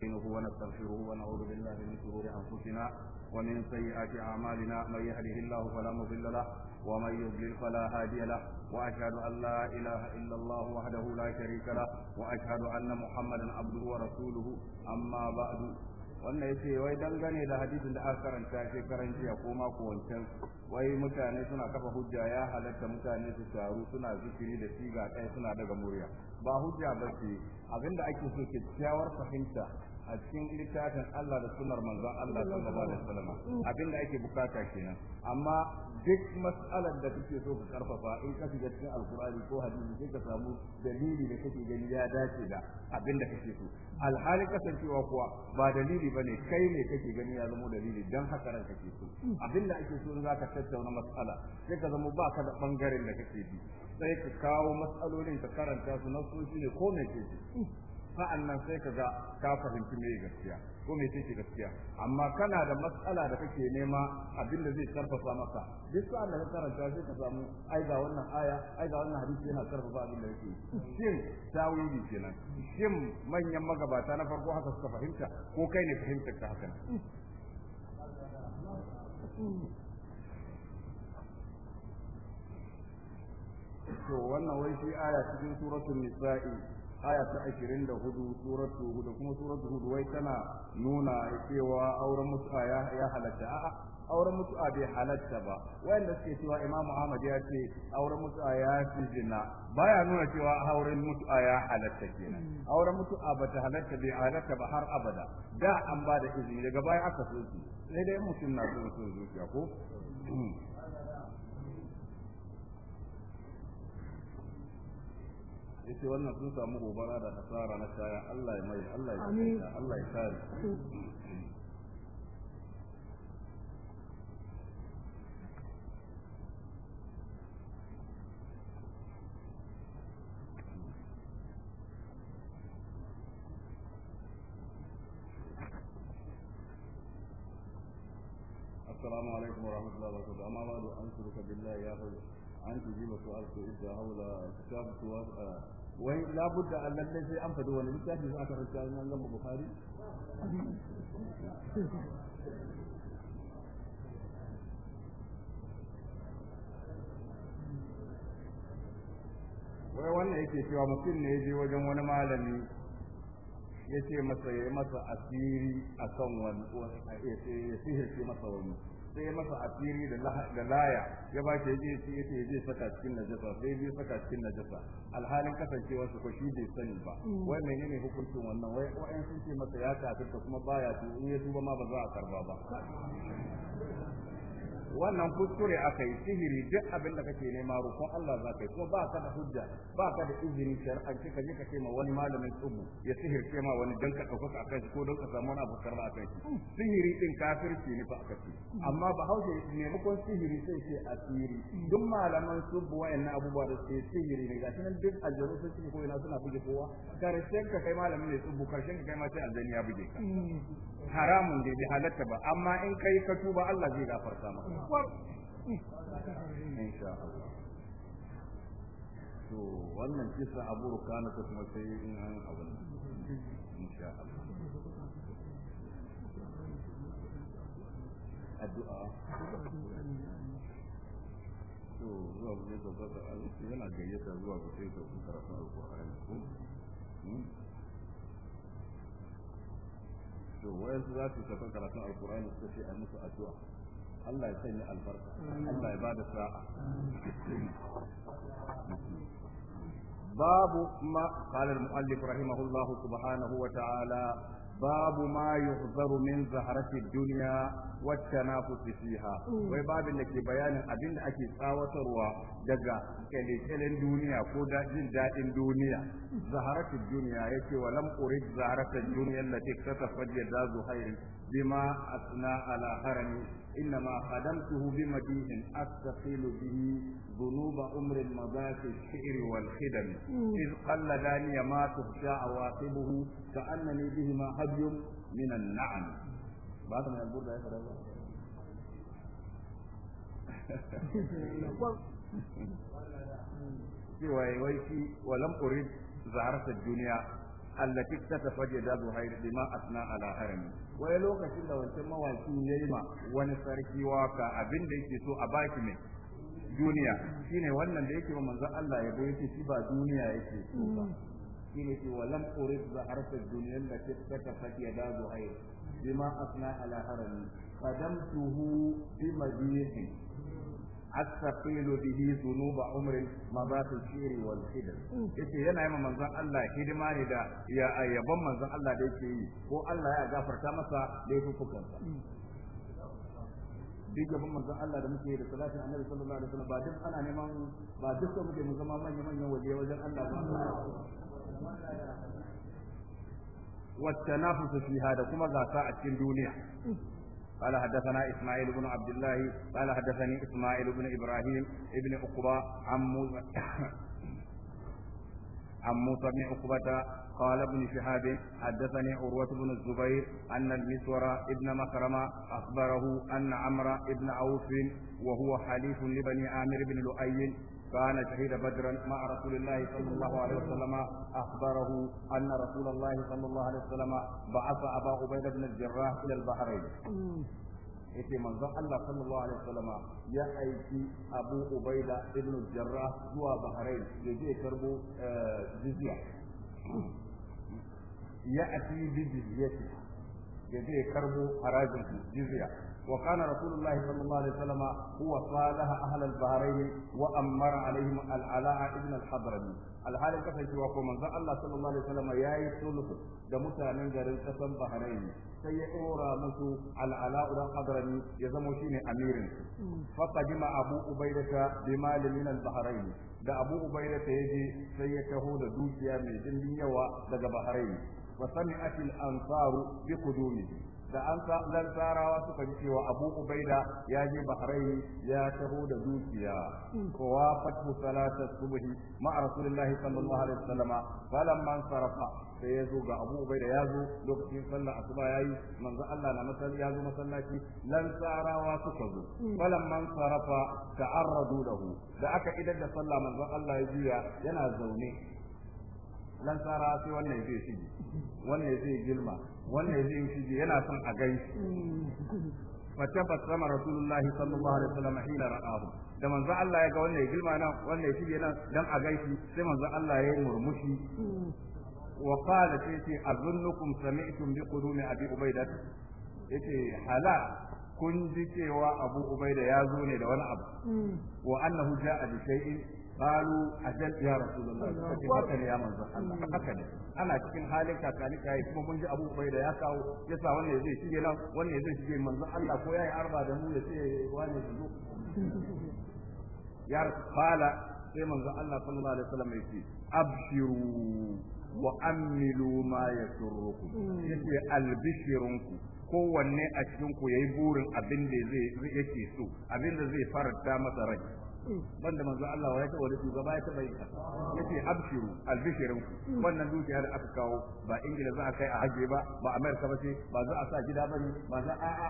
نستعينه ونستغفره ونعوذ بالله من شرور انفسنا ومن سيئات اعمالنا من يهده الله فلا مضل له ومن يضلل فلا هادي له واشهد ان لا اله الا الله وحده لا شريك له واشهد ان محمدا عبده ورسوله اما بعد wannan ya ce wai dangane da hadisin da aka karanta shekaran jiya ko mako wancan wai mutane suna kafa hujja ya halatta mutane su taru suna zikiri da siga ɗaya suna daga murya ba hujja ba ce abinda ake so kyakkyawar fahimta a cikin littafin Allah da sunar manzon Allah sallallahu alaihi wasallam abinda ake bukata kenan amma duk mas'alar da kake so ka karfafa in ka shiga cikin alkur'ani ko hadisi sai ka samu dalili da kake gani ya dace da abinda kake so alhali kasancewa kuwa ba dalili bane kai ne kake gani ya zama dalili dan haka ran kake so abinda ake so za ka tattauna mas'ala sai ka zama ba ka da bangaren da kake bi sai ka kawo mas'alolin ka karanta su na ne ko ne ke sa'an nan sai ka ga ka fahimci me gaskiya ko me ce gaskiya amma kana da matsala da kake nema abin da zai karfafa maka duk sa'an da ka karanta sai ka samu ai ga wannan aya ai ga wannan hadisi yana karfafa abin da yake shin tawili kenan shin manyan magabata na farko haka suka fahimta ko kai ne fahimtar ta haka to wannan wai shi aya cikin suratul nisa'i aya ta hudu suratu da kuma suratu hudu wai tana nuna cewa auren mutu'a ya halatta a'a auren mutu'a bai halatta ba wanda suke cewa Imam Ahmad ya ce auren mutu'a ya fi zina baya nuna cewa auren mutu'a ya halatta kenan mm. auren mutu'a bata halatta bai halatta ba har abada da an ba da izini daga baya aka so shi sai dai mutum na so zuciya ko yace wannan sun samu gobara da hasara na kaya Allah ya mai Allah ya Allah ya kare السلام عليكم ورحمة الله وبركاته أما بعد أنصرك بالله يا أخي أن تجيب سؤالك إذا حول كتاب wai labudda an lallai sai an fadi wani littafi za a karanta an gama bukhari wai wannan yake cewa mutum ne ya je wajen wani malami ya ce masa ya masa asiri a kan wani ya sihirce masa wani sai ya masa asiri da laya ya ba shi yaje shi yace yaje saka cikin najasa sai zai saka cikin najasa alhalin kasancewar su ko shi bai sani ba mm. wai menene hukuncin wannan wai sun ce masa ya kafirta kuma baya to in ya tuba ma ba za a karba ba wannan kuskure aka yi sihiri duk abin da kake nema roƙon Allah za ka yi kuma ba ka da hujja ba ka da izini an ka je ka kai ma wani malamin tsubu ya sihirce ma wani dan ka ɗaukaka ka kai ko don ka samu wani abu karba a kai sihiri din kafirci ne fa a kai amma ba hausa maimakon sihiri sai ce asiri duk malaman tsubu wayannan abubuwa da sai sihiri ne gashi nan duk aljanu sun ci ko ina suna buge kowa karshen ka kai malamin ne tsubu karshen ka kai ma sai aljani ya buge ka haramun da bai halatta ba amma in kai ka tuba Allah zai gafarta maka insha Allah to wannan kisa Abu Rukana ta kuma sai in an abu insha Allah addu'a to zuwa ne da zaka yana gayyata zuwa ga sai ka karatu alqur'ani ko hmm? to wayansu za su tafi karatun alkur'ani suka ce a musu addu'a Allah ya sanya albarka Allah ya bada sa'a باب ما قال المؤلف رحمه الله سبحانه babu ma yuhzaru min zaharati dunya wa tanafus fiha wai babin da ke bayanin abinda da ake tsawatarwa daga kyalekyalen duniya ko jin daɗin duniya zaharati dunya yake wa lam urid zaharati dunya allati katafajjada zuhair bima asna ala harami إنما خدمته بمديح أستقيل به ذنوب أمر مضى في الشعر والخدم إذ قل داني ما تخشى عواقبه كأنني بهما هدي من النعم بعد ما يقول ده يا cewa ya waiki ولم أريد زهرة الدنيا allati tatafaje da bima asna ala harami wai lokacin da wancan mawaki yayi ma wani sarki waka abin da yake so a baki mai duniya shine wannan da yake manzo Allah ya yake shi ba duniya yake so ba shine ce walam urid za arfa dunya allati da zuhair bima asna ala harami bi madihi astaqilu bihi dhunuba umri mazatu shiri wal hidr yace yana yi manzon Allah hidima ne da ya ayyaban manzon Allah da yake yi ko Allah ya gafarta masa laifukansa duk gaban manzon Allah da muke da salatin annabi sallallahu alaihi wasallam ba duk ana neman ba duk da muke mu zama manyan manyan waje wajen Allah ba wa tanafusu fiha da kuma gasa a cikin duniya قال حدثنا إسماعيل بن عبد الله قال حدثني إسماعيل بن إبراهيم ابن عقبة عن موسى عن موسى بن عقبة قال ابن شهاب حدثني عروة بن الزبير أن المسور ابن مخرمة أخبره أن عمرو بن عوف وهو حليف لبني عامر بن لؤي كان شهيد بدرا مع رسول الله صلى الله عليه وسلم رسول الله صلى الله عليه وسلم بعث بن الجراح البحرين manzon Allah sallallahu alaihi wasallam ya aiki Abu Ubaida ibn Jarrah zuwa Bahrain ya je karbo jizya ya ati bi ya je karbo harajin jizya وكان رسول الله صلى الله عليه وسلم هو صالح أهل البحرين وأمر عليهم العلاء ابن الحضرمي alhalin kasancewa ko manzo Allah sallallahu alaihi wasallam yayi sulhu da mutanen garin kasan Bahrain sai ya dora musu al'ala da hadrani ya zama shine amirin fa qadima abu ubaidata bi mal min al-bahrain da abu ubaidata je sai ya taho da dukiya mai dimbin yawa daga Bahrain wa sami'at al-ansar bi qudumihi da an lantarawa suka ji cewa abu ubaida ya je bahrain ya taho da dukiya kowa fatu salata subhi ma rasulullahi sallallahu alaihi wasallama man sarafa sai ya zo ga abu ubaida ya zo lokacin sallar asuba yayi manzo Allah na masallaci ya zo masallaci lantarawa suka zo falamma sarafa ta'arradu lahu da aka idan da sallah manzo Allah ya juya yana zaune lansara sai wannan zai shige wannan zai gilma wannan zai shige yana son a gai فتبسم ba الله صلى sallallahu alaihi wasallam hina ra'ahu da manzo Allah ya ga wannan ya girma nan wannan ya shige nan dan a shi sai manzo Allah ya yi murmushi wa qala sai ce azunnukum sami'tum bi qudumi abi ubaida yace hala kun ji cewa abu ubaida ya zo ne da wani abu hmm. wa annahu ja'a bi shay'in قالوا أجل يا رسول الله فكيف يا من الله هكذا أنا cikin halin ka yi kuma mun ji Abu Ubaida ya kawo yasa wannan zai shige nan wannan zai shige manzo Allah ko yayi arba da mu ya ce wani zo ya qala sai manzo Allah sallallahu alaihi wasallam yace abshiru wa amilu ma yasurrukum yace albishirunku kowanne a cikin ku yayi burin abin da zai yake so abin da zai fara ta masa rai banda manzo Allah ya taba wani gaba ya taba yi yace abshiru albishirin wannan dukiya har aka kawo ba ingila za a kai a haje ba ba amerika ba ce ba za a sa gida bane ba za a a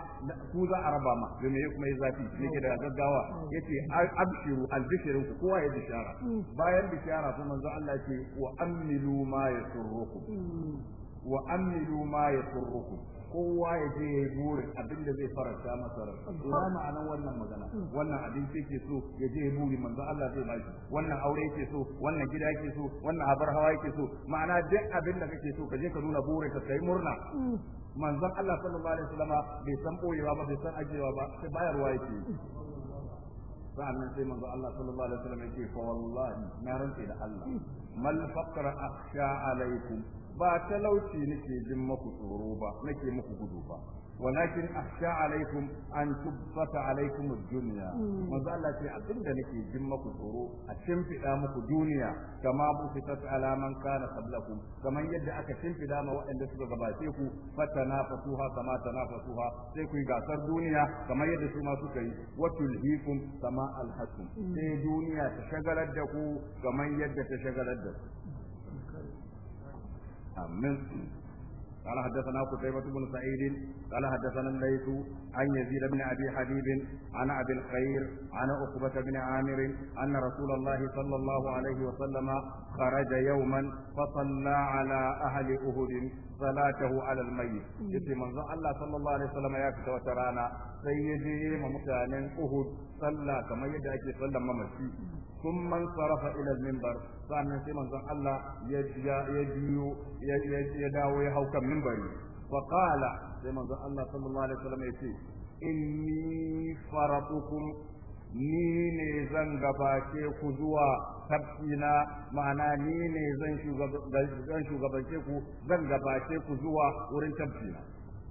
ku za a raba ma da me kuma ya zafi ne ke da gaggawa yace abshiru albishirin ku kowa ya bishara bayan bishara kuma manzo Allah ce wa amilu ma yasurrukum hmm. wa amilu ma yasurrukum kowa ya je ya yi burin abin da zai faranta masa rai ba ma'anan wannan magana wannan abinci ke so ya je ya buri manzo Allah zai ba shi wannan aure yake so wannan gida yake so wannan habar hawa yake so ma'ana duk abin da kake so ka je ka nuna burin ka kai murna manzon Allah sallallahu alaihi wasallama bai san boyewa ba bai san ajewa ba sai bayarwa yake sa'annan sai manzo Allah sallallahu alaihi wasallam yake fa wallahi na rantsa da Allah mal faqra akhsha alaikum ba talauci nake jin maku tsoro ba nake muku gudu ba walakin akhsha alaikum an tubbata alaikum ad-dunya hmm. manzo Allah ce abinda nake jin maku tsoro a shimfida muku duniya kama busitat ala man kana qablakum kaman yadda aka shimfida ma waɗanda suka gabace ku fatanafasuha kama tanafasuha sai ku gasar duniya kamar yadda su ma suka yi watul tulhikum kama al hmm. sai duniya ta shagalar da ku kamar yadda ta shagalar da ku آمين قال حدثنا قتيبة بن سعيد قال حدثنا الليث عن يزيد بن أبي حبيب عن أبي الخير عن عقبة بن عامر أن رسول الله صلى الله عليه وسلم خرج يوما فصلى على أهل أهد صلاته على الميت يتي من الله صلى الله عليه وسلم يا كتا وترانا سيدي ومتانين أهد صلى كما يدعي صلى ممشي ثم انصرف إلى المنبر sannan sai manzon Allah ya biyo ya dawo ya hau kan mimbari wa qala sai manzon Allah sallallahu alaihi wasallam ya ce inni faratukum ni ne zan gabace ku zuwa tafsina ma'ana ni ne zan shugabance ku zan gabace ku zuwa wurin tafsina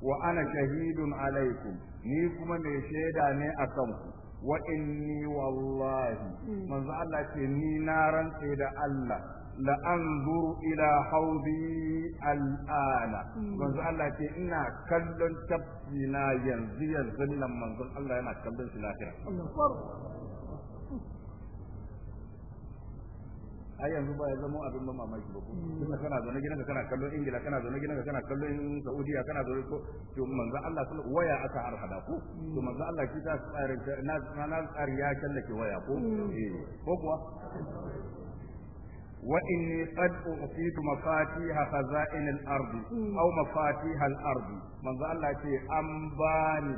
wa ana shahidun alaikum ni kuma mai shaida ne a kanku wa inni wallahi hmm. manzo Allah ce ni na rantse da Allah la anzuru ila haudi al'ana hmm. manzo Allah ce ina kallon tafsina yanzu yanzu nan manzo Allah yana kallon shi lafiya ai yanzu ba ya zama abin ban mamaki ba ko tunda kana zaune ka kana kallon ingila kana zaune ka kana kallon saudiya kana zaune ko to manzo Allah sun waya aka arhada ko to manzo Allah shi ta tsarin na na tsari ya kallake waya ko eh, ko kuwa mafatiha khaza'in al مفاتيح aw mafatiha al مفاتيح manzo Allah ce an bani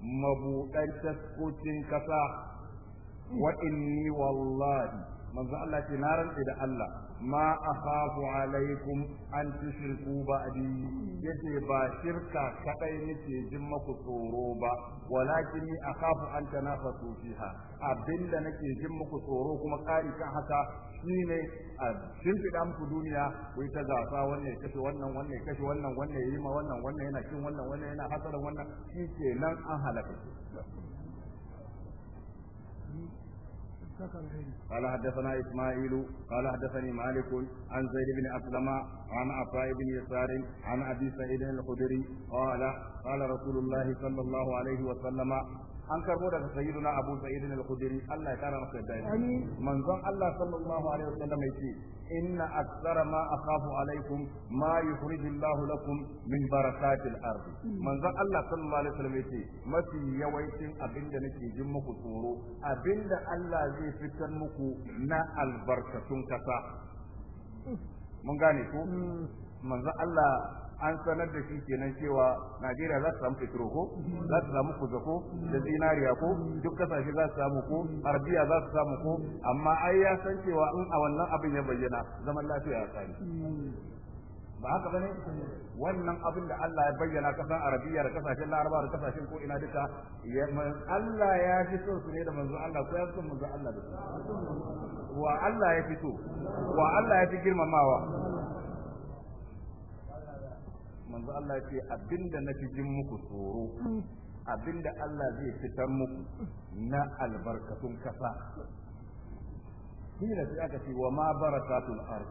mabudan مبوطن kasa wa inni wallahi. manzo Allah ce na rantsa da Allah ma akhafu alaikum an tushriku adi yace ba shirka kadai nake jin maku tsoro ba walakin ni akhafu an tanafasu fiha abinda nake jin maku tsoro kuma kari kan haka shine a shimfiɗa muku duniya ku ta gasa wannan ya kashe wannan wannan ya kashe wannan wannan ya yi ma wannan wannan yana cin wannan wannan yana hasara wannan shi ke nan an halaka قال حدثنا إسماعيل قال حدثني مالك عن زيد بن أسلم عن عطاء بن يسار عن أبي سعيد الخدري قال قال رسول الله صلى الله عليه وسلم an karbo daga sayyiduna abu sa'idin al-khudri Allah ya kara masa yadda yake manzon Allah sallallahu alaihi wasallam yace inna aktsara ma akhafu alaikum ma yukhrijullahu lakum min barakatil ard hmm. manzon Allah sallallahu alaihi wasallam yace mafi yawancin abinda nake jin muku tsoro abinda Allah zai fitar muku na albarkatun kasa hmm. mun gane ko hmm. manzon Allah an sanar da shi kenan cewa Najeriya za su samu fitro ko za su samu kuzo ko da zinariya ko duk kasashe za su samu ko arabiya za su samu ko amma ai ya san cewa in a wannan abin ya bayyana zaman lafiya ya tsari ba haka bane wannan abin da Allah ya bayyana kasan arabiya da kasashen laraba da kasashen ko ina duka Allah ya fi so su ne da manzo Allah ko ya fi so manzo Allah da su wa Allah ya fi so wa Allah ya fi girmamawa manzo Allah ya ce abinda na fi jin muku tsoro abinda Allah zai fitar muku na albarkatun kasa kila sai aka ce wa ma barakatul ard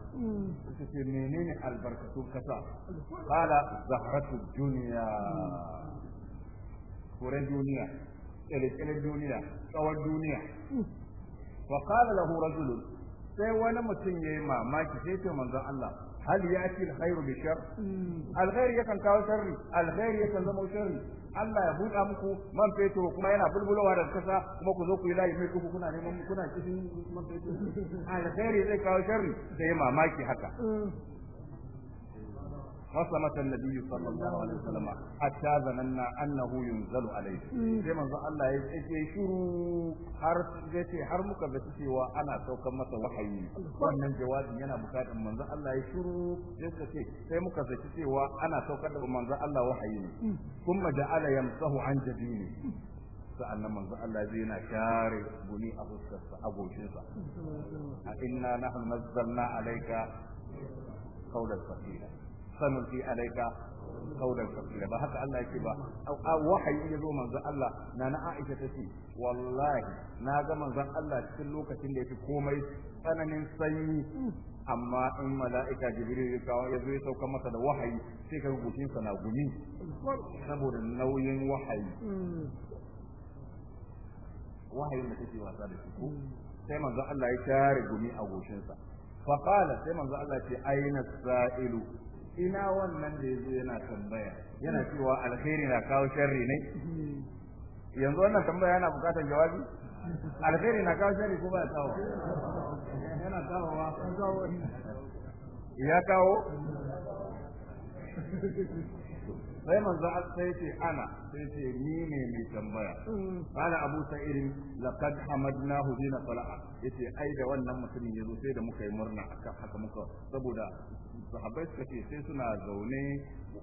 shi ce menene albarkatun kasa qala zahratud dunya kuren duniya kyalekyalen duniya tsawon duniya wa qala lahu rajul sai wani mutum yayi mamaki sai ce manzo Allah hal yati alkhairu bi shar alkhair yakan kawo sharri alkhair yakan zama sharri Allah ya buɗa muku man fetur kuma yana bulbulowa da kasa kuma ku zo ku yi layi mai kuku kuna neman kuna cikin man fetur alkhair zai kawo sharri sai mamaki haka فصمت النبي صلى الله عليه وسلم حتى ظننا انه ينزل عليه sai manzo Allah ya ce shiru har ya ce har muka ga cewa ana saukan masa wahayi wannan jawabin yana bukatar manzo Allah ya shiru sai ce sai muka zaki cewa ana saukar da manzo Allah wahayi ne kuma ja'ala yamsahu an jabini sa'annan manzo Allah zai na share guni a fuskarsa a goshinsa a inna nahnu nazzalna alayka qawlan thaqila sanulki alayka kaudan kafila ba haka Allah yake ba wahayi ya zo manzon Allah na na Aisha ta ce wallahi na ga manzon Allah cikin lokacin da yake komai tsananin sanyi amma in mala'ika jibril ya kawo ya zo ya sauka masa da wahayi sai ka gushin sa na gumi saboda nauyin wahayi wahayin da take wasa da shi sai manzon Allah ya tare gumi a goshin sa fa qala sai manzon Allah ce aina sa'ilu ina wannan da yazo yana tambaya yana cewa alkhairi na kawo sharri ne yanzu wannan tambaya yana bukatar jawabi alkhairi na kawo sharri ko ba kawo yana kawo ya kawo sai manzo sai ce ana sai ce ni ne mai tambaya kana mm. abu sa'irin laqad hamadnahu bina fala'a yace ai da wannan mutumin yazo sai da muka yi murna akan haka muka saboda sahabbai suka ce sai suna zaune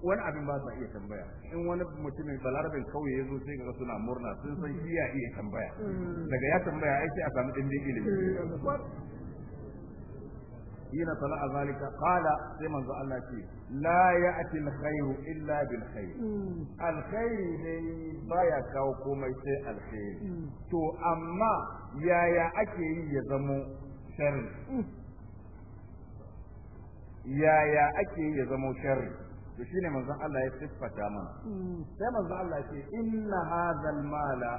wani abin ba sa iya tambaya in wani mutumin balarabin kauye yazo sai ga suna murna sun san iya iya tambaya mm. daga ya tambaya ai sai a samu dindin ilimi mm. hina tala'a zalika qala sai manzo Allah ce la ya'ti alkhairu illa bilkai? khair hmm. alkhairi dai baya kawo komai sai alkhairi hmm. to amma yaya ake yi ya zamo sharri hmm. yaya ake yi ya zamo sharri to shine manzon Allah ya siffata mana sai manzon Allah ce inna hadhal mala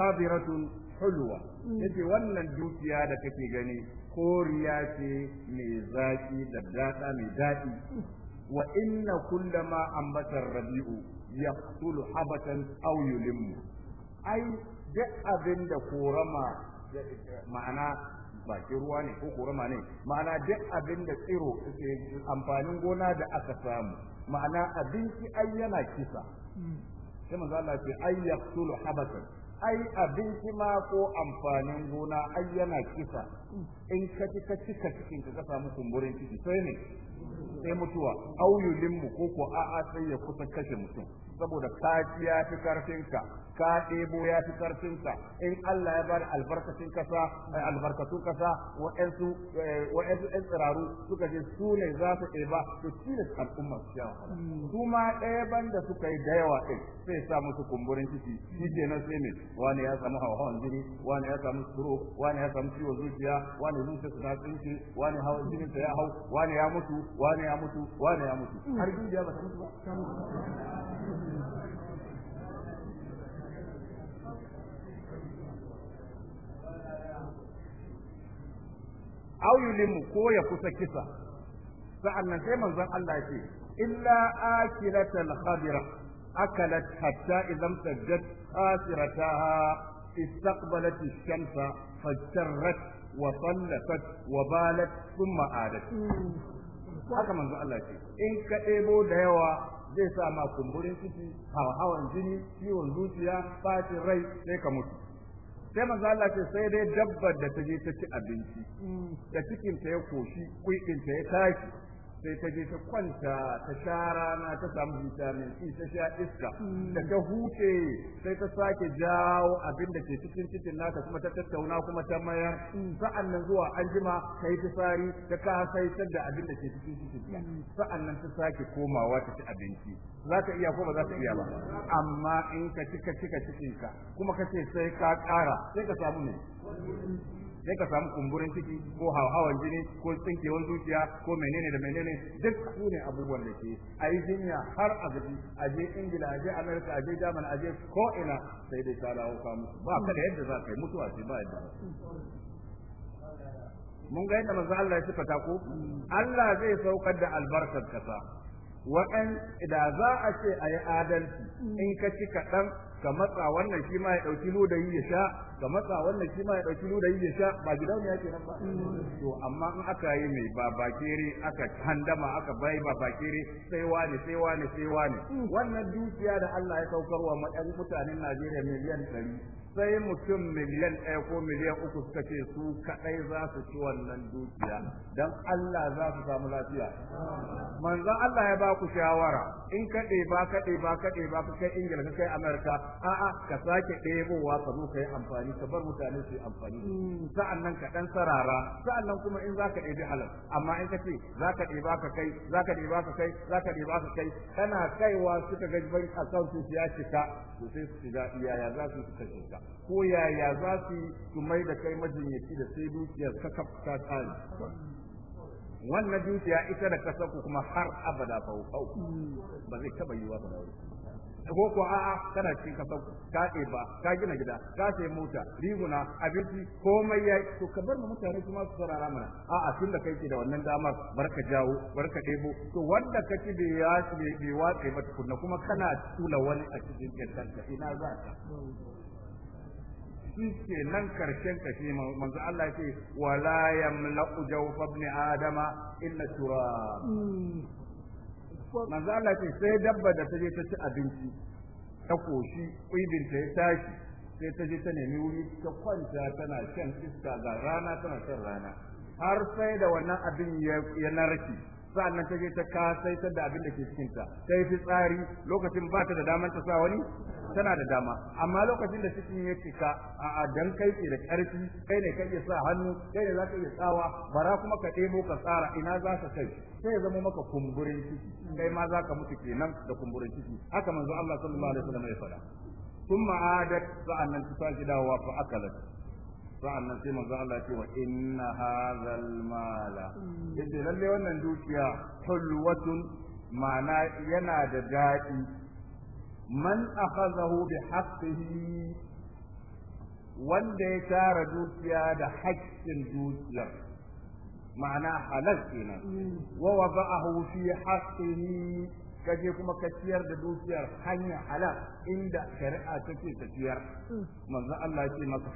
khabiratun hulwa yace wannan dukiya da kake gani koriya ce mai zaki da daɗa mai daɗi wa inna kullama ambatar rabi'u yaqtulu habatan aw yulimmu ai duk abin da korama ma'ana ba ruwa ne ko korama ne ma'ana duk abin da tsiro amfanin gona da aka samu ma'ana abinci ai yana kisa hmm. sai manzo Allah ce ai yaqtulu habatan ai abinci ma ko amfanin gona ai yana kisa in ka ci ka ci ka cikin ka samu kumburin ciki sai ne sai mutuwa auyulinmu ko ko a'a sai ya kusa kashe mutum saboda kaciya fi karfinka ka ɗebo ya fi karfinka in Allah ya bar albarkacin kasa eh, albarkatun kasa wa'ansu eh, wa'ansu ɗan tsiraru suka ce su ne za su ɗeba to tilas al'umma su sha kuma hmm. ɗaya banda suka yi da yawa ɗin sai sa musu kumburin ciki shi ke nan sai ne wani ya samu hawan jini wani ya samu suro wani ya samu ciwo zuciya wani zuciya su ta tsinci wani hawan jini ta ya hau wani ya mutu wani ya mutu wani ya mutu hmm. har ya ba ta mutu ba aw yulimu ko ya kusa kisa sa'annan sai manzon Allah ce illa akilatal khadira akalat hatta idan tajjat asirataha استقبلت wa sallat wa balat thumma adat haka manzon Allah ce in ka ɗebo da yawa zai sa ma kumburin ciki hawan jini ciwon zuciya fatin rai sai ka mutu sai manzo ce sai dai dabbar da ta je ta ci abinci mm. da cikin ta ya koshi kuikin ta ya tashi sai ta je ta kwanta ta sha rana ta samu vitamin C ta sha iska mm. da ta huce sai ta sake jawo abin da ke cikin cikin nata kuma ta tattauna kuma ta mayar mm. sa'an nan zuwa anjima ta yi fitsari ta kasaitar da abin da ke cikin cikin mm. sa'an nan ta sake komawa ta ci abinci za ta iya ko ba za ta iya ba amma in ka cika cika cikinka kuma ka ce sai ka kara sai ka samu ne sai ka samu kumburin ciki ko hawan jini ko tsinkewar zuciya ko menene da menene duk su ne abubuwan da ke a yi jinya har a gaji a je ingila a je amerika a je jaman a je ko sai dai ta dawo ka ba ka da yadda za ka yi mutuwa ce ba yadda mun ga yadda manzo Allah ya sifata ko Allah zai saukar da albarkar kasa wa'an da za a ce a yi adalci in ka ci kaɗan ka matsa wannan shi ma ya dauki yi ya sha ka matsa wannan shi ma ya dauki yi ya sha ba gidan ya ke nan ba to amma in aka yi mai babakere aka handama aka bai babakere sai wani sai wani sai wani wannan dukiya da Allah ya saukarwa mutanen Najeriya miliyan 100 sai mutum miliyan ɗaya ko miliyan uku suka ce su kaɗai za su ci wannan dukiya don Allah za su samu lafiya. Manzon Allah ya ba ku shawara in ka ba ka ba ka ba ka kai Ingila ka kai Amurka a'a ka sake ɗebowa ka zo ka yi amfani ka bar mutane su yi amfani mm. sa'an nan ka ɗan sarara sa'an nan kuma in za ka ɗebi halal amma in ka ce za ka ɗeba ka kai za ka ɗeba ka kai za ka ɗeba ka kai kana kaiwa suka ga bank su ya cika to sai su shiga iyaya za su suka shiga ko yaya za su yi su mai da kai majinyaci da sai dukiyar ka kafta tsari wannan dukiya ita da ka ku kuma har abada fa ba zai taba yiwa ba ko ko a'a kana cikin ka sauku ka ba ka gina gida ka sai mota riguna abinci komai ya to ka bar mutane kuma su sarara mana a'a tun da kai ke da wannan damar barka jawo barka debo to wanda ka ci bai ya bai watsa ba tukunna kuma kana tula wani a cikin kanka ina za ka shike nan karshen kashi manzo Allah yake wala yamlaqu jawf ibn adama illa turab hmm. manzo Allah yake sai dabba da ta je ta ci abinci ta koshi kuibin ta ya tashi sai ta je ta nemi wuri ta kwanta tana shan iska ga rana tana shan rana har sai da wannan abin ya narki sa'annan ta je ta kasaitar da abin da ke cikinta ta yi fitsari lokacin ba ta da damar ta sa wani tana da dama amma lokacin da cikin ya cika a dan kai ke da karfi kai ne kake sa hannu kai ne zaka iya tsawa bara kuma ka ɗebo ka tsara ina za ka kai sai ya zama maka kumburin ciki kai ma za ka mutu kenan da kumburin ciki haka manzo Allah sallallahu alaihi wasallam ya faɗa fa عادت فأنا تساجد داوا فأكلت ce wa inna hadhal mala المال lalle wannan dukiya hulwatun ma'ana yana da daɗi. man akhadahu bi haqqihi wanda ya tara dukiya da haƙƙin dukiyar ma'ana halar kenan wa wada'ahu fi haqqihi kaje kuma ka ciyar da dukiyar hanya halar inda shari'a take ta ciyar manzo Allah ya ce maka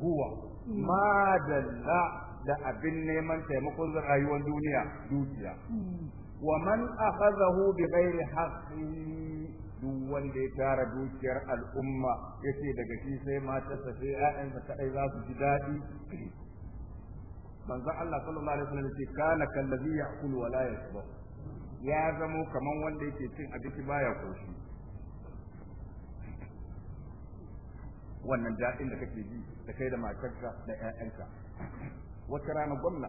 huwa ma dalla da abin neman taimakon rayuwar duniya dukiya wa man akhadahu bi ghairi haqqi duk wanda ya tara dukiyar al'umma yace daga shi sai matarsa sai ƴaƴansa kadai za su ji daɗi manzo Allah sallallahu alaihi wasallam ce kana kallazi ya'kul wa la yashba ya zamo kaman wanda yake cin abinci baya koshi wannan daɗin da kake ji da kai da matarka da ƴaƴanka wata rana gwamna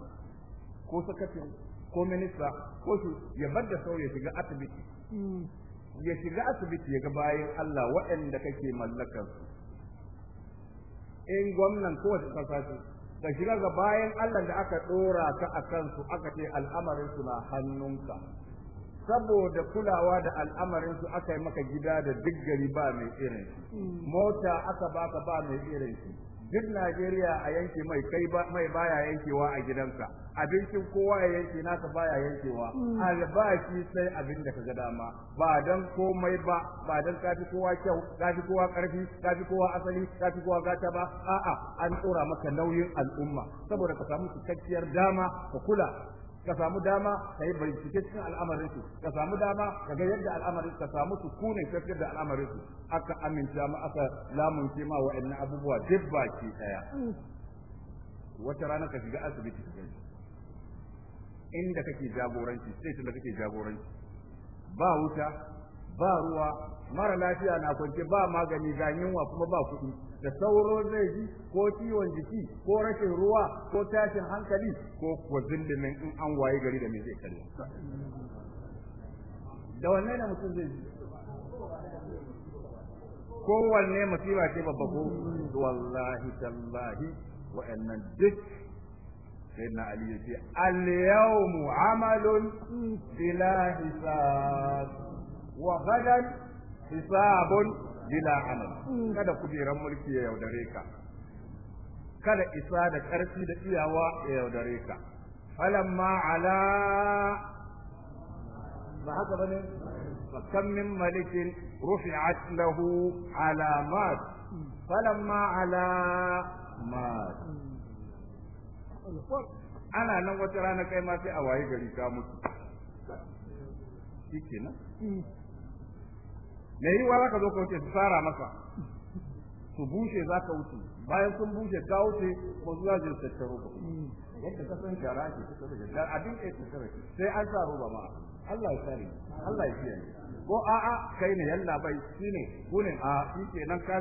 ko sakacin ko minista ko su ya bar da sau ya shiga asibiti hmm. ya shiga asibiti ya ga bayan Allah waɗanda kake mallakar su in gwamnan kowace ƙasa su ka shiga ga bayan Allah da aka ɗora ka a kansu aka ce al'amarin su na hannunka saboda kulawa da al'amarin su aka yi maka gida da duk gari ba mai irin hmm. mota aka baka ba mai irin duk Najeriya a yanke mai kai mai baya yankewa a gidansa abincin kowa ya yanke nasa baya yankewa mm. albashi sai abin da kaga dama ba dan komai ba ba dan kafi kowa kyau kafi kowa karfi kafi kowa asali kafi kowa gata ba a'a an tsora maka nauyin al'umma saboda ka samu cikakkiyar dama ka kula ka samu dama ka yi bincike cikin al'amarin su ka samu dama ka ga yadda al'amarin ka samu su kuna tafiyar da al'amarin su aka aminta ma aka lamunce ma wa'annan abubuwa duk baki daya wata rana ka shiga asibiti ka gani inda kake jagoranci sai tunda kake jagoranci ba wuta ba ruwa mara lafiya na kwance ba magani zanyinwa yunwa kuma ba kuɗi da sauro zai ji ko ciwon jiki ko rashin ruwa ko tashin hankali ko kuwa zindimin in an waye gari da me zai kare da wannan ne mutum zai ji kowanne musiba ce babba ko wallahi tallahi wa'annan duk sayyidina ali ce. al-yawmu amalun bila hisab wa ghadan hisabun bila amal kada kujeran mulki ya yaudare ka kada isa da karfi da iyawa ya yaudare ka falamma ala ba haka bane kam min malikin rufi'at lahu alamat falamma ala ma ana nan wata rana kai ma sai a waye gari ka mutu shikenan me yiwa ka zo ka wuce su tsara masa su bushe za ka wuce bayan sun bushe ka wuce ko zuwa jin tattaro ba yadda ka san shara ke kusa da gaggar abin ke ya tattara sai an sa roba ma Allah ya sani Allah ya fiye ko a'a kai ne yalla bai ne gunin a ke nan ka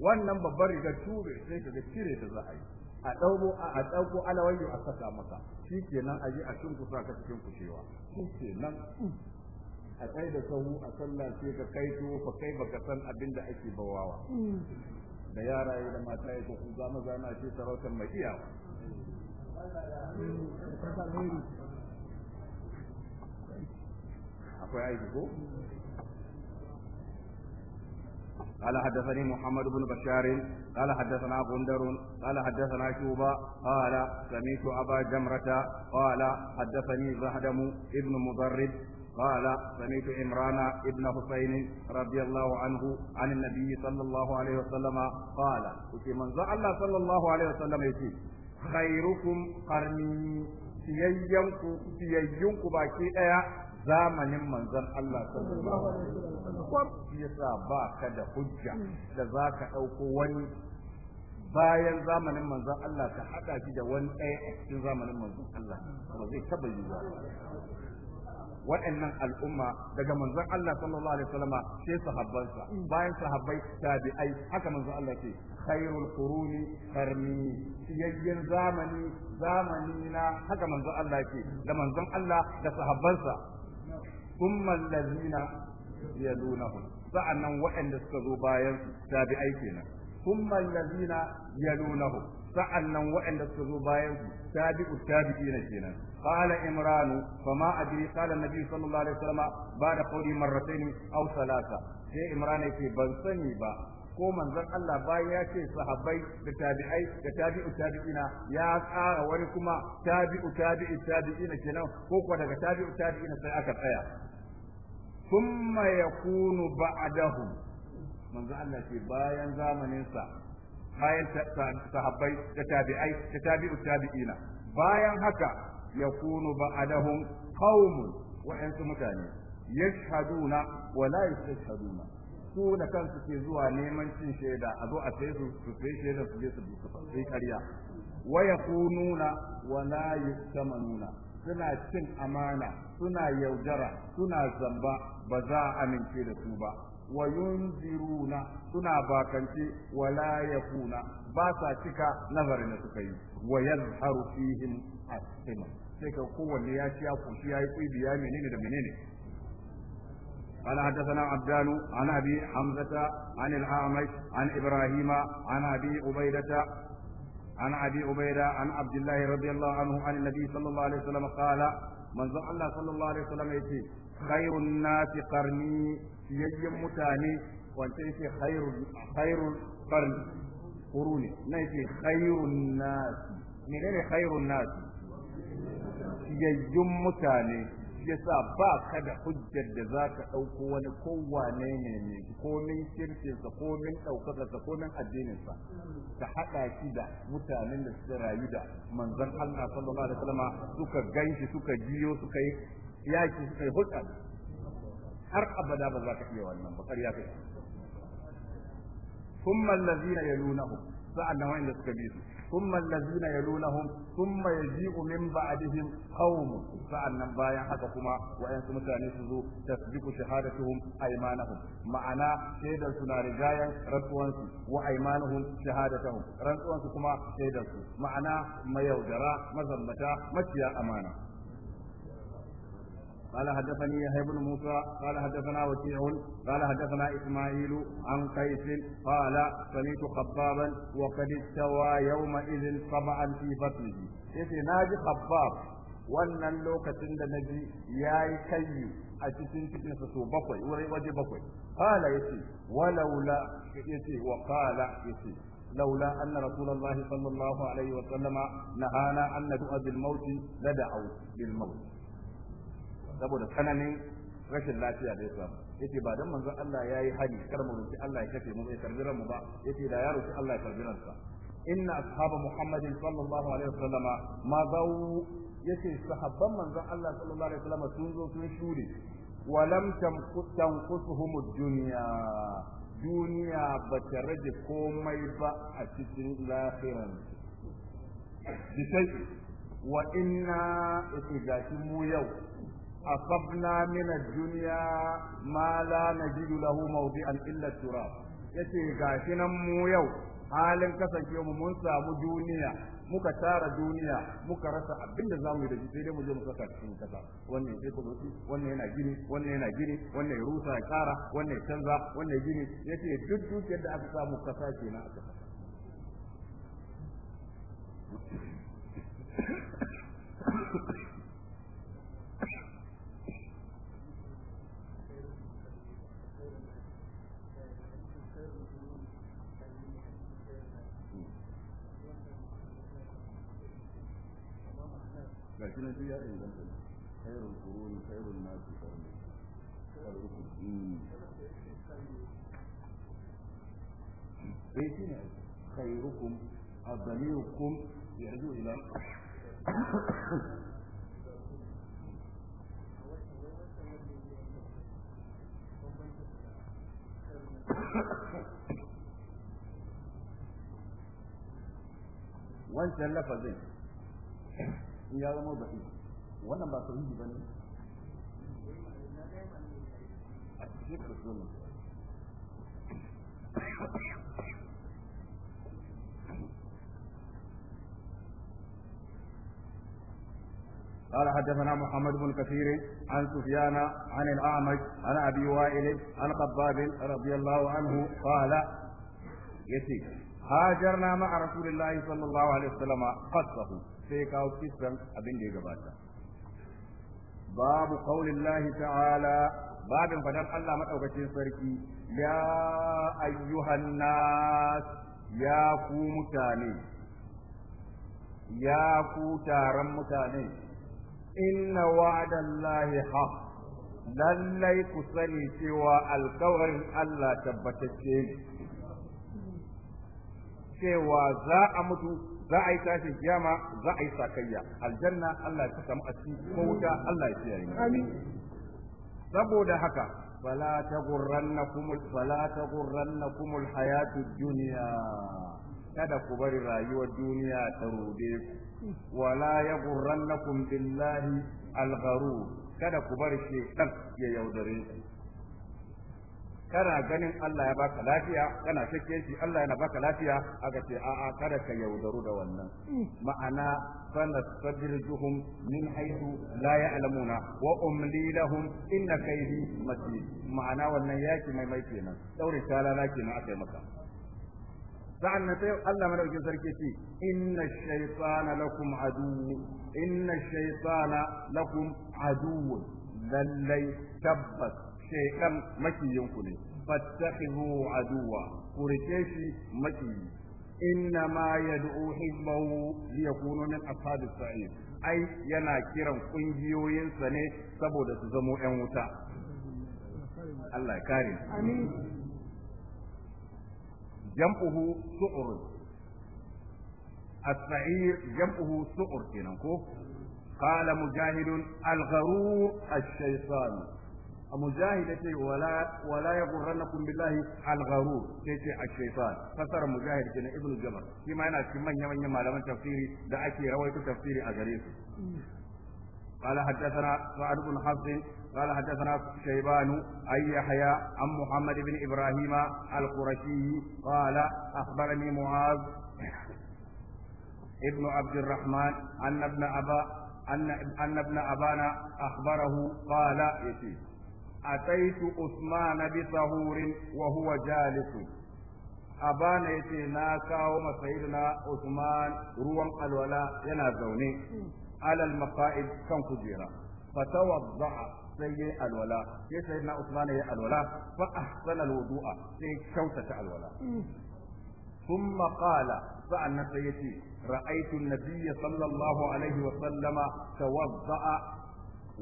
wannan babbar rigar tube sai ka ga cire ta za a yi a ɗauko a ɗauko alawayo a saka maka Shi ke nan a tunkusa ka cikin kushewa nan a kai da sahu a sallah sai ka kai to fa kai baka san abin da ake bawawa da yara yi da mata yi ku ga maza na ce sarautar mai iya akwai aiki ko قال حدثني محمد بن بشار قال حدثنا غندر قال حدثنا شوبة قال سمعت أبا جمرة قال حدثني زهدم ابن مضرب قال سمعت عمران ابن حسين رضي الله عنه عن النبي صلى الله عليه وسلم قال في من الله صلى الله عليه وسلم يتي خيركم قرني siyayyanku siyayyunku baki daya zamanin manzon الله صلى الله عليه وسلم ba ka da hujja da zaka dauko wani bayan zamanin manzon Allah ta hada shi da wani ɗaya a cikin zamanin manzon Allah ba zai taba yi ba waɗannan al'umma daga manzon Allah sallallahu alaihi wasallam sai sahabbansa mm. bayan sahabbai tabi'ai haka manzon Allah ke khairul quruni qarni siyayyen zamani zamani na haka manzon Allah ke da manzon Allah da sahabbansa thumma allazina yalunahum sa'annan waɗanda suka zo bayan tabi'ai kenan thumma allazina yalunahum sa'annan waɗanda suka zo bayan su tabi'u tabi'ina kenan قال عمران فما أدري قال النبي صلى الله عليه وسلم بعد قولي مرتين أو ثلاثة sai Imran yake ban sani ba ko manzon Allah bayan ya ce sahabbai da tabi'ai da tabi'u tabi'ina ya tsara wani kuma tabi'u tabi'u tabi'ina kenan ko kuwa daga tabi'u tabi'ina sai aka tsaya thumma yakunu ba'dahum manzon Allah ce bayan zamanin sa bayan sahabbai da tabi'ai da tabi'u tabi'ina bayan haka yakunu ba'dahum qaumun wa ansu mutane yashhaduna wa la yastashhaduna su da kansu ke zuwa neman cin shaida a zo a sai su su sai shaida su je su su sai ƙarya wa yakununa wa la yustamanuna suna cin amana suna yaudara suna zamba ba za a amince da su ba wa yunziruna suna bakance wala yakuna ba sa cika nazarin da suka yi wa yazharu fihim asima sai ka kowanne ya ci ya kushi ya yi kuibi ya menene da menene قال حدثنا عبدان عن ابي حمزه عن الاعمش عن ابراهيم عن ابي عبيده عن ابي عبيده عن عبد الله رضي الله عنه عن النبي صلى الله عليه وسلم قال من sallallahu صلى الله عليه وسلم يتي خير الناس قرني يجم متاني وانت خير خير قرن قروني نيتي خير الناس menene khairun yayyun mutane yasa ba ka da hujjar da za ka ɗauko wani kowane ne ne komin kirkinsa komin ɗaukakarsa komin addininsa ka haɗa shi da mutanen da suka rayu da manzon Allah sallallahu alaihi wasallam suka ganshi suka jiyo suka yi yaki suka yi hulɗa har abada ba za ka iya wannan ba ya kai ثم الذين يلونهم sa'an nan wanda suka bi su ثم الذين يلونهم ثم يجيء من بعدهم قوم فأنم بايا كما وإن سمتاني سزو تسبق شهادتهم أيمانهم معنا شهد سنا رجايا رسوانس وأيمانهم شهادتهم رسوانس كما شهد معنا ما يوجرا مزمتا متيا أمانة قال حدثني يحيى بن موسى قال حدثنا وكيع قال حدثنا اسماعيل عن قيس قال سمعت خبابا وقد استوى يومئذ طبعا في بطنه يتي ناجي خباب wannan lokacin da na ji ya yi kayi a cikin cikinsa so bakwai wurin waje bakwai kala ya ce walaula ya ce wa kala ya ce لولا أن رسول الله صلى الله عليه وسلم نهانا أن ندعو بالموت لدعوا بالموت saboda tsananin rashin lafiya da ya samu yace ba dan manzon Allah yayi hani kar mu rufi Allah ya kafe mu bai karbi ranmu ba yace da ya roki Allah ya karbi ransa inna ashab muhammadin sallallahu alaihi wasallam ma zau yace sahabban manzon Allah sallallahu alaihi wasallam sun zo sun shure walam tanqusuhum ad-dunya duniya ba ta rage komai ba a cikin lahiran bisai wa inna yace gashi mu yau أصبنا من الدنيا ما لا نجد له موضعا إلا التراب yace gashi nan mu yau halin kasance mu mun samu duniya muka tara duniya muka rasa abinda za mu yi da shi sai dai mu je mu saka cikin kasa wannan sai ko doki wannan yana gini wannan yana gini wannan ya rusa ya kara wannan ya canza wannan ya gini yace duk dukiyar da aka samu kasa kenan aka saka shi na ya inganta khairul qurun eh, lafazin ya zama wannan ba tauhidi bane قال حدثنا محمد بن كثير عن سفيان عن الأعمش عن أبي وائل عن قباب رضي الله عنه قال يتي هاجرنا مع رسول الله صلى الله عليه وسلم قصه sai kawo kisan abin da ya gabata babu qaulin lahi ta'ala babin fadar Allah madaukakin sarki ya ayyuhan nas ya ku mutane ya ku taron mutane inna wa'dallahi haqq lallai ku sani cewa alkawarin Allah tabbatacce ne cewa za a mutu za a yi tashin kiyama za a yi sakayya aljanna Allah ya saka mu a ko wuta Allah ya kiyaye amin saboda haka fala taghurrannakum fala taghurrannakum alhayatu dunya kada ku bari rayuwar duniya ta rude ku wala yaghurrannakum billahi algharur kada ku bari shi ya yaudare ku kana ganin Allah ya baka lafiya kana shakki shi Allah yana baka lafiya aka ce a'a kada ka yaudaru da wannan ma'ana sanastadrijuhum min haythu la ya'lamuna wa umli lahum inna kaydi matin ma'ana wannan yaki mai mai kenan daure talala kenan akai maka sa'an nan sai Allah madaukin sarki ce inna shaytana lakum aduwwu inna shaytana lakum adu lallai tabbas shaytan makiyinku ne fattakhihu aduwa kurike shi makiyi inna ma yad'u li yakunu min ashabis sa'id ai yana kiran sa ne saboda su zamo yan wuta Allah ya kare amin jam'uhu su'ur as-sa'ir jam'uhu su'ur kenan ko qala mujahidun al-gharur ash-shaytan mujahid yace wala wala yaghurrannakum billahi al-gharur yace ash-shaytan fasar mujahid kenan ibnu jabar shi ma yana cikin manyan manyan malaman tafsiri da ake rawaito tafsiri a gare su قال حدثنا سعد بن حفص قال حدثنا شيبان أي يحيى عن محمد بن إبراهيم القرشي قال أخبرني معاذ ابن عبد الرحمن أن ابن أبا أن أن ابن أبانا أتيت عثمان بطهور وهو جالس أبانا يتي ناكا وما سيدنا عثمان روان الولاء ينا زوني على المقائد كم كجيرا فتوضع سيء الولاء يا سيدنا عثمان يا الولاء فأحسن الوضوء سيء كوتة الولاء ثم قال فأنا سيتي رأيت النبي صلى الله عليه وسلم توضأ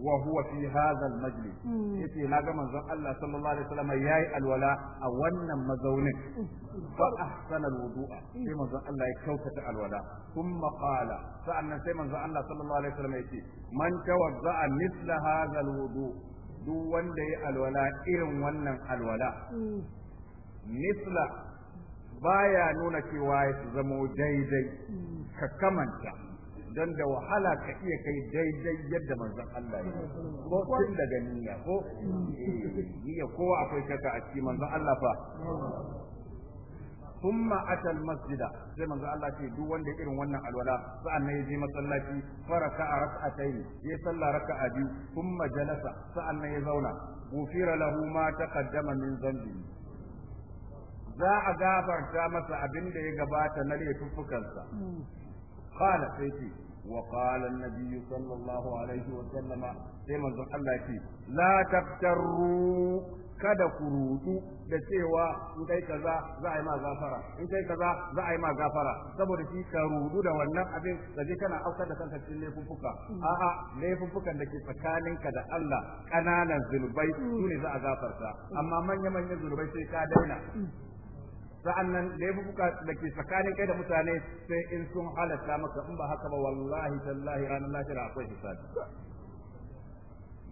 wa huwa fi hadha al hmm. yace na ga manzon Allah sallallahu alaihi wasallam yayi alwala a wannan mazaunin fa ahsana al sai manzon Allah ya kyautata alwala thumma qala sa'annan sai manzon Allah sallallahu alaihi wasallam yace man tawadda'a mithla hadha al-wudu duk wanda ya alwala irin wannan alwala hmm. mithla baya nuna cewa ya zamo daidai hmm. ka kamanta don da wahala ka iya kai daidai yadda manzon Allah ya ko tun daga niyya ko eh, niyya kowa akwai shakka a cikin manzon Allah fa thumma ata da sai manzon Allah ce duk wanda irin wannan alwala sa'annan ya je masallaci faraka rak'atayn ya salla raka'a biyu thumma jalasa sa'annan ya zauna gufira lahu ma taqaddama min dhanbi za a gafarta masa abin da ya gabata na laifuffukansa qala sai ce وقال النبي صلى الله عليه وسلم كما الله يقول لا تفتروا kada ku rutu da cewa in kai kaza za a yi ma gafara in kai kaza za a yi ma gafara saboda shi ka rutu da wannan abin da je kana aukar da kanka cikin laifuffuka a'a laifuffukan da ke tsakaninka da Allah kananan zunubai su ne za a gafarta amma manya manyan zunubai sai ka daina sa'annan nan da ke tsakanin kai da mutane sai in sun halatta maka in ba haka ba wallahi tallahi ranar lahira akwai hisabi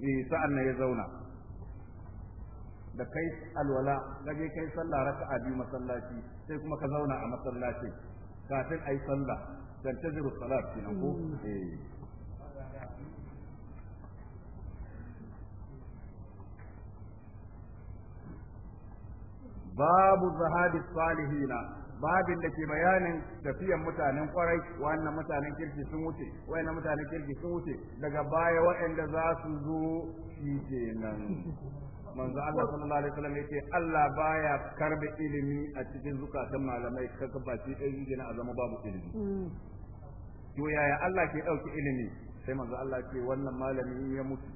eh, Sa'an nan ya zauna da kai alwala da je kai sallah a biyu masallaci sai kuma ka zauna a masallaci kafin ayi sallah tantaziru salat kenan ko mm. eh. babu zahabi salihina babin da ke bayanin tafiyan mutanen kwarai wannan mutanen kirki sun wuce wayannan mutanen kirki sun wuce daga baya waɗanda za su zo shi kenan manzo Allah sallallahu alaihi wasallam yake Allah baya karbe ilimi a cikin zukatan malamai kaka shi dai yake na azama babu ilimi hmm. to yaya Allah ke dauki ilimi sai manzo Allah ce wannan malami ya mutu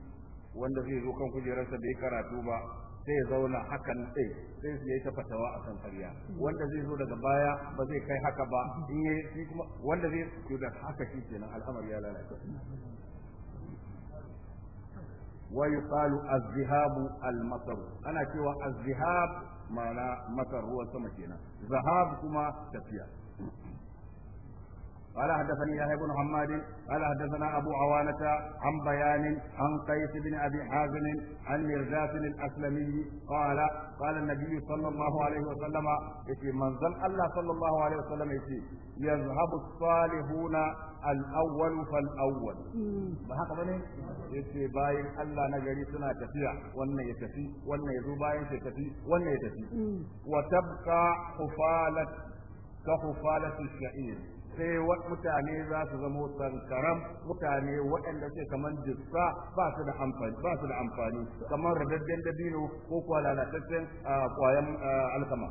wanda zai zo kan kujerarsa bai karatu ba sai ya zauna hakan sai sai su yi ta fatawa kan karya wanda zai zo daga baya ba zai kai haka ba in yayi kuma wanda zai yi da haka shi kenan al'amar ya lalace wa yuqalu az-zihabu al-matar ana cewa az-zihab ma'ana matar ruwan sama kenan zahab kuma tafiya قال حدثني يحيى بن حماد قال حدثنا ابو عوانه عن بيان عن قيس بن ابي حازم عن مرداس الاسلمي قال قال النبي صلى الله عليه وسلم في منزل الله صلى الله عليه وسلم يذهب الصالحون الاول فالاول ba haka bane yace bayan Allah na gari suna tafiya wannan ya tafi wannan ya zo bayan shi tafi wannan ya tafi wa tabqa hufalat ka hufalatu sha'ir sai mutane za su zama sankaran mutane waɗanda suke kamar jissa ba su da amfani ba su da amfani kamar radadden dabino ko kwa lalataccen kwayan alkama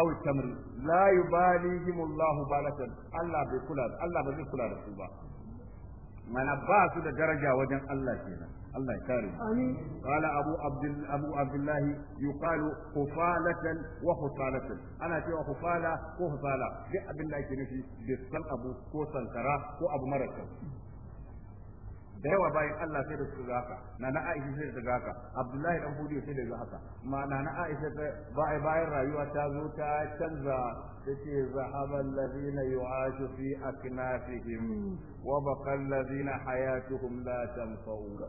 aw tamri la yubalihim Allah balatan Allah bai kula Allah ba zai kula da su ba mana ba su da daraja wajen Allah kenan الله يكرم قال أبو عبد أبو عبد الله يقال خفالة وخصالة أنا شيء خفالة وخصالة جاء بالله كنفي بسل أبو كوسن ترى da yawa bayan Allah sai da su ga haka na na Aisha sai da haka Abdullahi dan Hudu sai da haka ma na na Aisha bayan bayan rayuwa ta zo ta canza tace zahaba alladhina yu'ashu fi aknafihim wa baqa alladhina hayatuhum la tanfa'u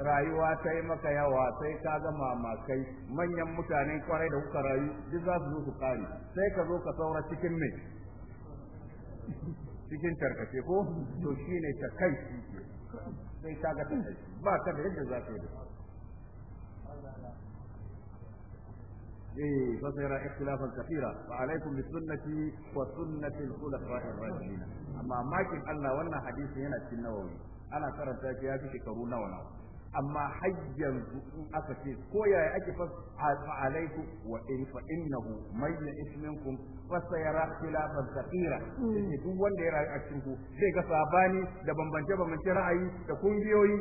rayuwa ta yi maka yawa sai ka ga mamakai manyan mutane kwarai da kuka rayu duk za su zo su kare sai ka zo ka saura cikin mai cikin tarkace ko to shi ne ta kai sai ka ga ba ka da yadda za su yi da Eh, fasira ikhtilafan kathira wa alaikum bi sunnati wa sunnati al-khulafa'i ar-rashidin amma makin Allah wannan hadisi yana cikin nawawi ana karanta shi ya fi shekaru nawa nawa amma har yanzu in aka ce ko yaya ake fa alaiku wa in fa innahu may ku minkum fa sayara khilafan kathira sai duk wanda ya rayu a cikin ku sai ga sabani da bambance bambance ra'ayi da kungiyoyi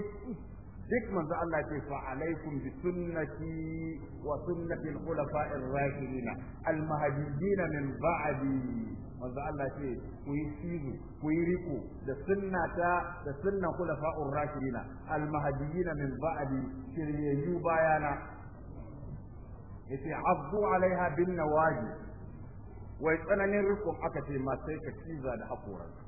duk manzo Allah ce fa alaikum bi sunnati wa sunnati al-khulafa'i ar-rashidin al-mahdiyyin min ba'di manzo Allah ce ku yi sizu ku yi riko da sunnata da sunnan khulafa'ur rashidin al-mahdiyyin min ba'di shiryayyu bayana yace abdu alaiha bin nawaji wai tsananin rikon aka ce ma sai ka ciza da hakoranka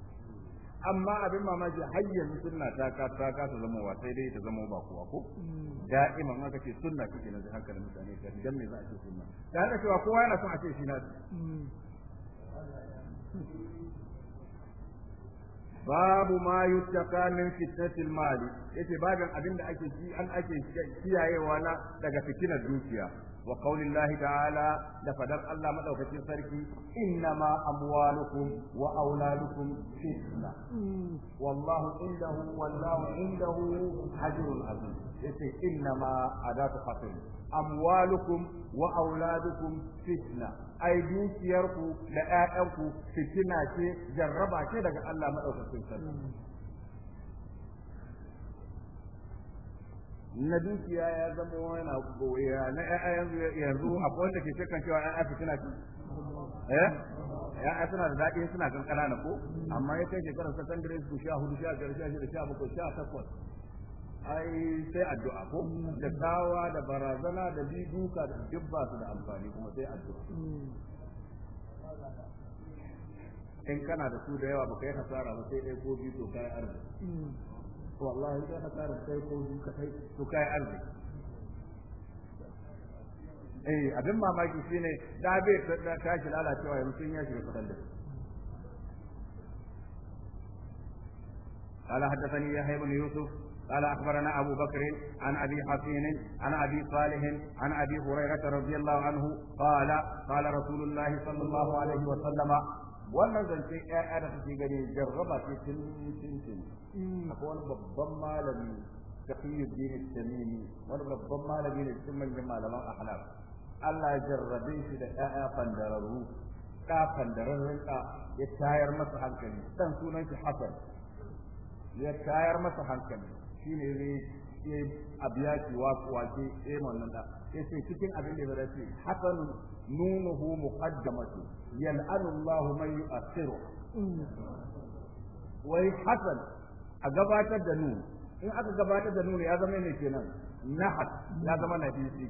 amma abin mamaki har yanzu sunna ta ka ta ka ta zama wa sai dai ta zama ba kuwa ko hmm. da'iman ma kace sunna kike nan hankalin mutane ka dan me za a ce sunna da haka cewa kowa yana son a ce shi na hmm. babu ma yuttaka min fitnatil mali yace babin abin da ake ji an ake kiyayewa na daga fitinar dukiya wa ta'ala da fadar Allah maɗaukacin sarki innama amwalukum wa auladukum fitna wallahu indahu wallahu indahu ajrun azim yace innama adatu fasil amwalukum wa auladukum fitna ai dukiyarku da 'ya'yanku fitina ce jarraba ce daga Allah maɗaukacin sarki na dukiya ya zama wani goya na yanzu yanzu akwai wanda ke shakkan cewa ƴaƴa fitina ce eh ƴaƴa suna da daɗi suna kan ƙanana ko amma ya kai shekarar secondary school sha hudu sha biyar sha shida sha bakwai sha takwas ai sai addu'a ko da tsawa da barazana da bi duka da duk ba su da amfani kuma sai addu'a in kana da su da yawa baka yi hasara ba sai ɗaya ko biyu to kai arziki to Allah in ka tsara kai ko ji ka arzi eh, abin mamaki shine da bai ta tashi lalacewa ya musun ya shiga kallan Allah haddani ya hayy ibn Yusuf قال أخبرنا أبو بكر عن أبي حسين عن أبي صالح عن أبي غريرة رضي الله عنه قال قال رسول الله صلى wannan zance ƴaƴa da suke gani jarraba ce tun tun tun mm. akwai wani babban malami taqiyuddin tamimi wani babban malami ne cikin manyan malaman ahlak Allah ya jarrabe shi da ƴaƴa fandararru ɗa fandararren ɗa ya tayar masa hankali dan sunan shi Hassan ya tayar masa hankali shine zai abiya ki wasu wace eh wannan da yace cikin abin da ya ce Hassan nunuhu muqaddamatu yal'anu Allahu man yu'akhiru wai hasan a gabatar da nun in aka gabatar da nun ya zama ne kenan nahas ya zama nafisi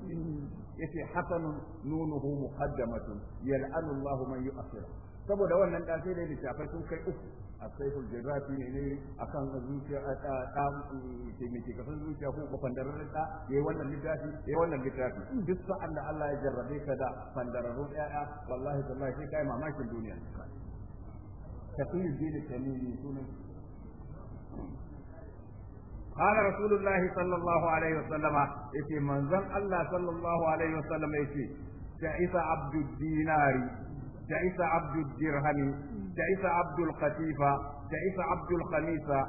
yace hasanun nunuhu muqaddamatun yal'anu Allahu man yu'akhiru saboda wannan dan sai da littafai sun kai uku a saifin jirrafi ne a kan zuciya a ɗan taimake kasan zuciya ko kwandarar fandararren ɗa ya yi wannan littafi ya yi wannan littafi duk sa'an da Allah ya jarrabe ka da fandararrun ɗaya wallahi tallahi sai kai mamakin duniya ka fi yi da ta nuni sunan قال رسول الله صلى الله عليه وسلم يتي منزل الله صلى الله عليه وسلم يتي تعيس عبد الدينار تعيس عبد الدرهم da isa abdul khatifa da isa abdul khamisa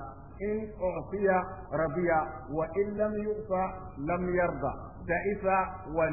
in uqiya rabiya wa in lam yu'fa lam yarda da isa wa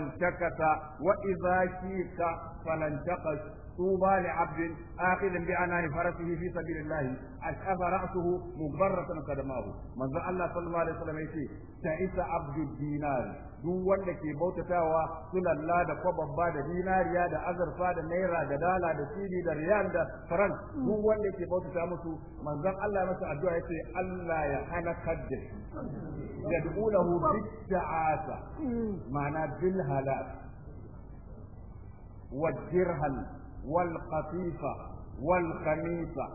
wa idza shika falantaqas طوبى لعبد آخذ بعنان فرسه في سبيل الله أشأف رأسه مبرة قدماه من ذا الله صلى الله عليه وسلم يقول تعيس عبد الدينار duk wanda ke bautatawa sulalla da kwababba da dinariya da azurfa da naira da dala da sidi da riyal da faran. duk wanda ke bautata musu manzon Allah masa addu'a yace Allah ya halakar da shi yad'ulahu bit ta'asa ma'ana bil halak wa dirham والخفيفة والخميسة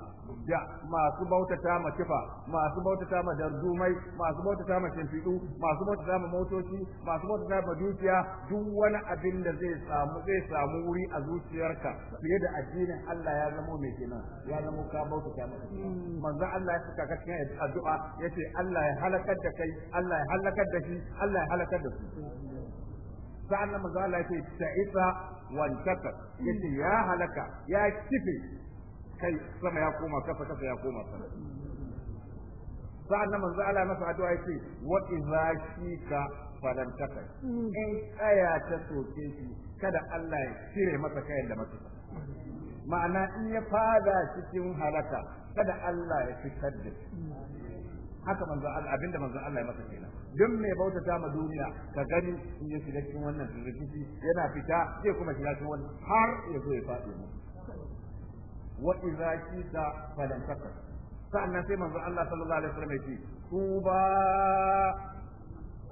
da masu bautata ma kifa masu bautata ma dardumai masu bautata ma shimfiɗu masu bautata ma motoci masu bautata ma dukiya duk wani abin da zai samu wuri a zuciyarka fiye da addinin Allah ya zamo mai kenan ya zamo ka bautata ma manzon Allah ya saka ka cikin addu'a yace Allah ya halakar da kai Allah ya da shi Allah ya da sa'an wantaka yace ya halaka ya kife kai sama ya koma kafa kafa ya koma sama sa'an manzo Allah masa addu'a yace wa idza shika falan taka in tsaya ta soke shi kada Allah ya cire masa kayan da masa ma'ana in ya fada cikin halaka kada Allah ya fitar da shi haka manzon Allah abinda manzon Allah ya masa kenan duk mai bautata ma duniya ka gani in ya shiga cikin wannan rikici yana fita sai kuma shiga cikin wannan har ya zo ya faɗi mu wa idza kita falan takar sannan sai manzon Allah sallallahu alaihi wasallam ya ce tuba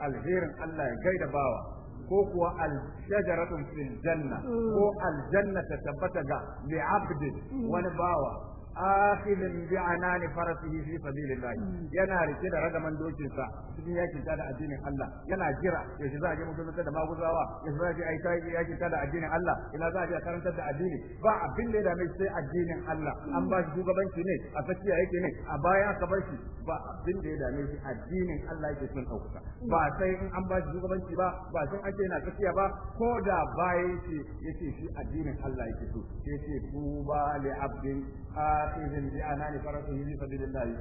alherin Allah ya gaida bawa ko kuwa alshajaratun fil janna ko aljanna ta tabbata ga li abdi wani bawa akhidin bi anani farasihi fi sabilillah yana rike da ragaman dokin sa cikin yakin ta da addinin Allah yana jira yaushe za a je mutunta da maguzawa yaushe za a je ai ta yakin ta da addinin Allah ina za a je karantar da addini ba abin da ya dame sai addinin Allah an ba shi shugabanci ne a tsakiya yake ne a baya ka bar shi ba abin da ya dame shi addinin Allah yake son dauka ba sai in an ba shi shugabanci ba ba sai ake yana tsakiya ba ko da bayan yake yake shi addinin Allah yake so sai ce tuba li abdin آتيهم بعنان فرسه في سبيل الله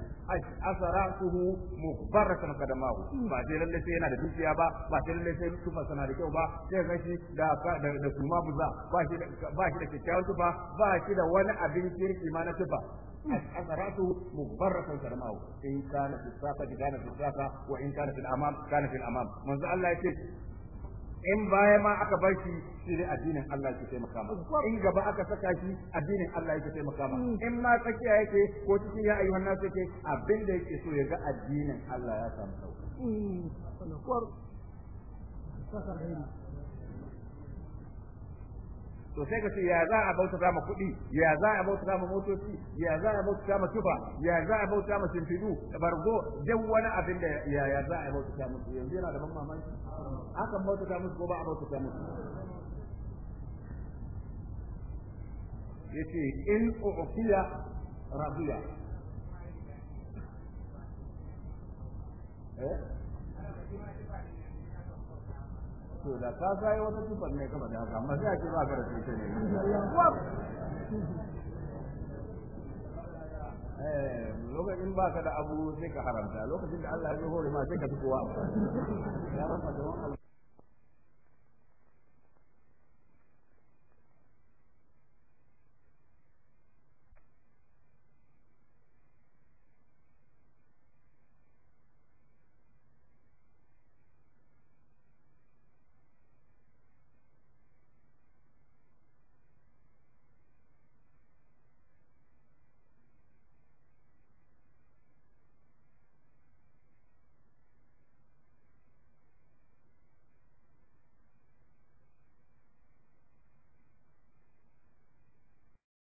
أسرعته مغبرة قدماه ما بعدين اللي سينا دي دوكيا با بعدين اللي سينا تفا سنا ده كيو با sai gashi da da kuma buza ba shi da ba shi da kyakkyawan tufa ba shi da wani أثراته مغبرة قدماه إن كانت الساقة كانت الساقة وإن كانت الأمام كانت الأمام من الله يقول in baya ma aka bar shi shi ne addinin Allah yake taimaka maka in gaba aka saka shi addinin Allah yake taimaka maka hmm. in ma tsakiya yake ko cikin ya ayyuhan nasu yake abin da yake so ya ga addinin Allah ya samu sauki hmm. to sai ka ce ya za a bauta ma kuɗi ya za a bauta ma motoci ya za a bauta ma tufa ya za a bauta ma shimfidu da bargo duk wani abin da ya ya za a bauta musu yanzu yana da ban mamaki aka bauta musu ko ba a bauta musu yace in ukiya rabiya eh to da ka sai wata sifar ne kama da haka amma sai a ba ka rasu ne eh, lokacin ba ka da abu sai ka haramta lokacin da Allah ya hore ma sai ka fi kowa ya rafa da wannan